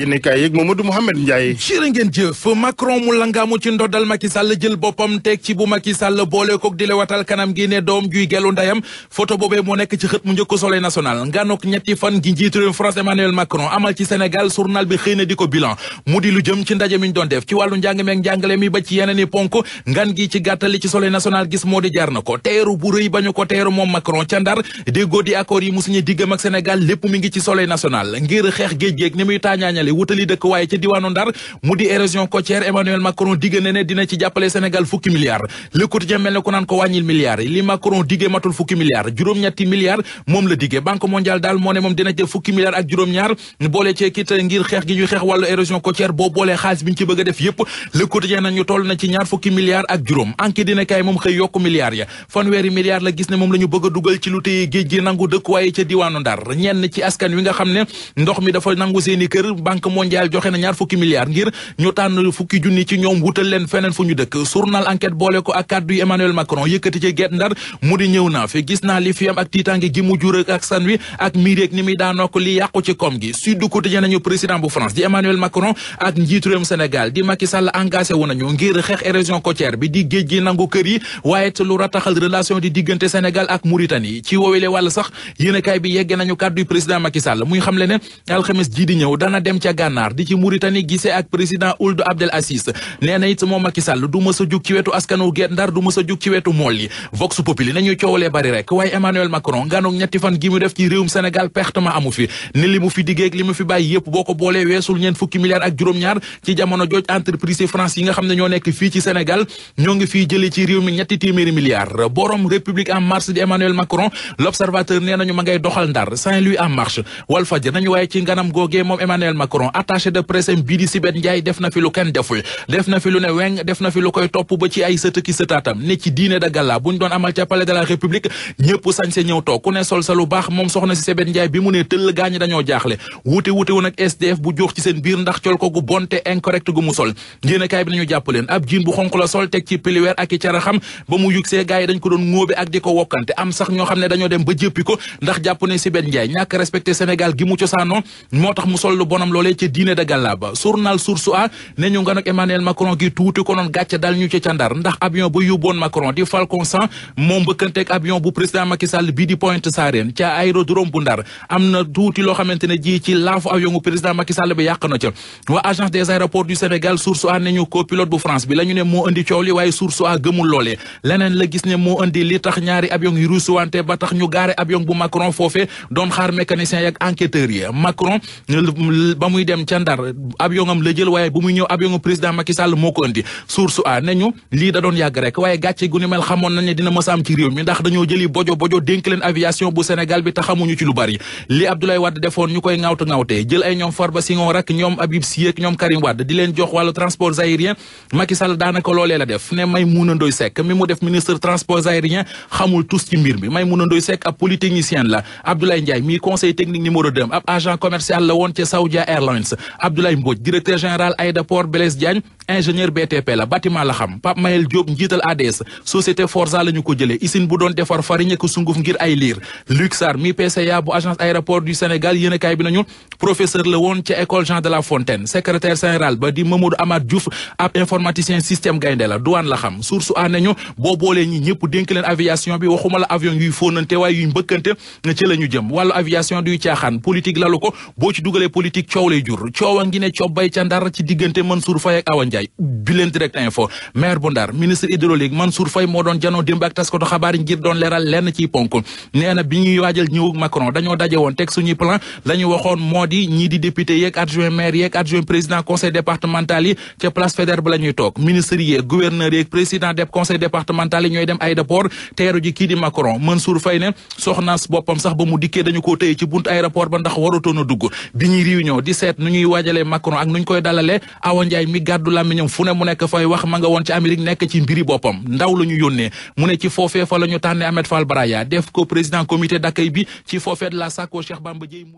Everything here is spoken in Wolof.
yéen kay yeeg Mamadou Mouhamed Ndiaye. jërë ngeen jëf Macron mu langaamu ci ndoddal Macky Sall jël boppam teg ci bu Macky Sall boole koog di lewatal kanam gi ne doom juy gelu ndayam photo boobee moo nekk ci xët mu njëkk national nganook ñetti fan gi njiitu réew France Emmanuel Macron amal ci Sénégal journal bi xëy na di ko bilan mu di lu jëm ci ndaje mi ñu doon def ci wàllu njàng meeg njàngale mi ba ci yeneen i ngan gi ci gàttali ci soleil national gis moo di jaar na ko teeru bu rëy bañu ko teeru moom Macron ca Ndar déggoo di accord yi mu signé diggam ak Sénégal lépp mi ngi ci soleil national ngir xeex géej géeg ni muy taañaañale tàmbali wutali dëkk waaye ci diwaanu Ndar mu di érosion côtière Emmanuel Macron digg na ne dina ci jàppale Sénégal fukki milliards Le mel ne ku naan ko wàññil milliards li Macron digge matul fukki milliards juróom-ñetti milliards moom la digge Banque mondiale daal moo ne moom dina jël fukki milliards ak juróom-ñaar boole ci kit ngir xeex gi ñuy xeex wàllu érosion côtière boo boolee xaalis bi ñu ci bëgg a def yépp Le nañu toll na ci ñaar fukki milliards a banque mondiale joxe na ñaar fukki milliards ngir ñu tànn fukki junni ci ñoom wutal leen feneen fu ñu dëkk journal enquête boole ko ak kàddu yi Emmanuel Macron yëkkati ci get ndar mu di ñëw naa fi gis naa li fi ak tiitaange gi mu jur ak san wi ak miiréeg ni muy daanoo ko li yàqu ci koom gi Sud Quotidien nañu président bu France di Emmanuel Macron ak njiitu Sénégal di Macky Sall nañu ngir xeex érosion côtière bi di géej gi nangu kër yi waaye ca gànnaar di ci Mauritanie gisee ak président Ould Abdel Aziz nee na it moom Macky Sall du mës a jug ci wetu askanu Guet Ndar du mës a jug ci wetu mool yi Vox Populi nañu coowalee bari rek waaye Emmanuel Macron ganoog ñetti fan gi mu def ci réewum Sénégal pertement amu fi ne li mu fi diggeeg li mu fi bàyyi yëpp boo ko boolee weesul ñeent fukki milliards ak juróom-ñaar ci jamono jooj entreprise France yi nga xam ne ñoo nekk fii ci Sénégal ñoo ngi fii jëlee ci réew mi ñetti téeméeri milliards borom République en marche di Emmanuel Macron l'observateur nee nañu Macron attaché de presse bii di Sibeth def na fi lu kenn deful def na fi lu ne weng def na fi lu koy topp ba ci ay sët sëtaatam ne ci diine da gala bu doon amal ca palais de la république ñëpp sañ se ñëw toog ku ne sol sa lu baax moom soxna si Sibeth Ndiaye bi mu ne tëll gaañ dañoo jaaxle wuute wuute wu nag SDF bu jox ci seen biir ndax col ko gu bonte incorrect gu mu sol yéen kaay bi nañu jàpp leen ab jiin bu xonk la sol teg ci piliweer doon ngóobe ko wokkante am sax xam ne dañoo dem ba jëppi ko ndax jàpp ne Sibeth Ndiaye ñàkk respecté Sénégal gi mu cosaanoo moo tax mu sol lu loolee ca diine dagal la ba journal Source A ñu nga nag Macron gi tuuti ko noon dal ñu ci ca Ndar ndax avion bu yóbboon Macron di Falcon 100 moom bëkkanteeg avion bu président Macky Sall di Pointe Sarène ca aérodrome bu Ndar am na tuuti loo xamante ne ji ci laafu avion bu président Macky Sall bi yàq na ca waa agence des aéroports du Sénégal Source A ne ñu copilote bu France bi la ne moo indi coow li waaye Source A gëmul leneen la gis ne moo li tax ñaari avion yi ruusuwante ba tax ñu gaare avion bu Macron foofe doon xaar mécanicien yak enquêteurs yi Macron muy dem ca Ndar avion am la jël waaye bu muy ñëw avion président Macky Sall moo ko indi source a ne ñu lii da doon yàgg rek waaye gàcce gu ni mel xamoon nañ ne dina mës a am ci réew mi ndax dañoo jëli bojo bojo dénk leen aviation bu Sénégal bi te xamuñu ci lu bari li Abdoulaye Wade defoon ñu koy ŋaawtu ŋaawtee jël ay ñoom Farba Senghor ak ñoom Habib Sy ak ñoom Karim Wade di leen jox wàllu transport aérien Macky daanaka loolee la def ne Maïmouna Ndoye Airlines Abdoulaye Mbodj directeur général aéroport Blaise Diagne ingénieur BTP la bâtiment la xam Pape Mayel Diop Njital ADS société Forza la ko Boudon, defar farine ak sunguf ngir ay mi PCA agence aéroport du Sénégal yéenekaay bi professeur Lewon, woon Jean de la Fontaine secrétaire général Badi di Mamadou Diouf informaticien système Gaindela, la douane la xam source a Bobo boo ñi dénk leen aviation bi waxuma la avion Yu fóonante waaye Yu mbëkkante ci la aviation du politique Boch politique lay ngi ne cobbay ca ndar ci diggante Mansour Faye ak Awa Ndiaye bi info maire bu ndar ministre hydraulique Mansour Faye moo doon janoo démb ak taskatu xabaar ngir doon leeral lenn ciy ponk nee bi ñuy waajal ñëw Macron dañoo daje woon teg suñuy plan la waxoon moo di ñii di député yeeg adjoint maire yeeg adjoint président conseil départemental yi ca place Faidherbe la ñuy toog ministre yeeg gouverneur yeeg président conseil départemental seet nu ñuy waajalee Macron ak nu ñu koy dalalee Awa Ndiaye mi gàddu làmmiñam fu ne mu nekk fay wax ma nga woon ci Amérique nekk ci mbiri boppam ndaw la yónnee mu ne ci foofee fa la Ahmed Fall def ko président comité d'accueil bi ci foofee la sàkkoo Cheikh Bamba